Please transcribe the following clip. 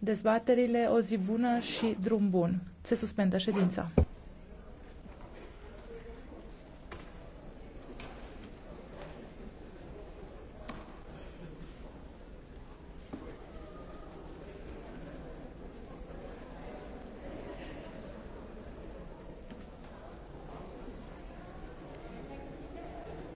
dezbaterile, o zi bună și drum bun. Se suspendă ședința.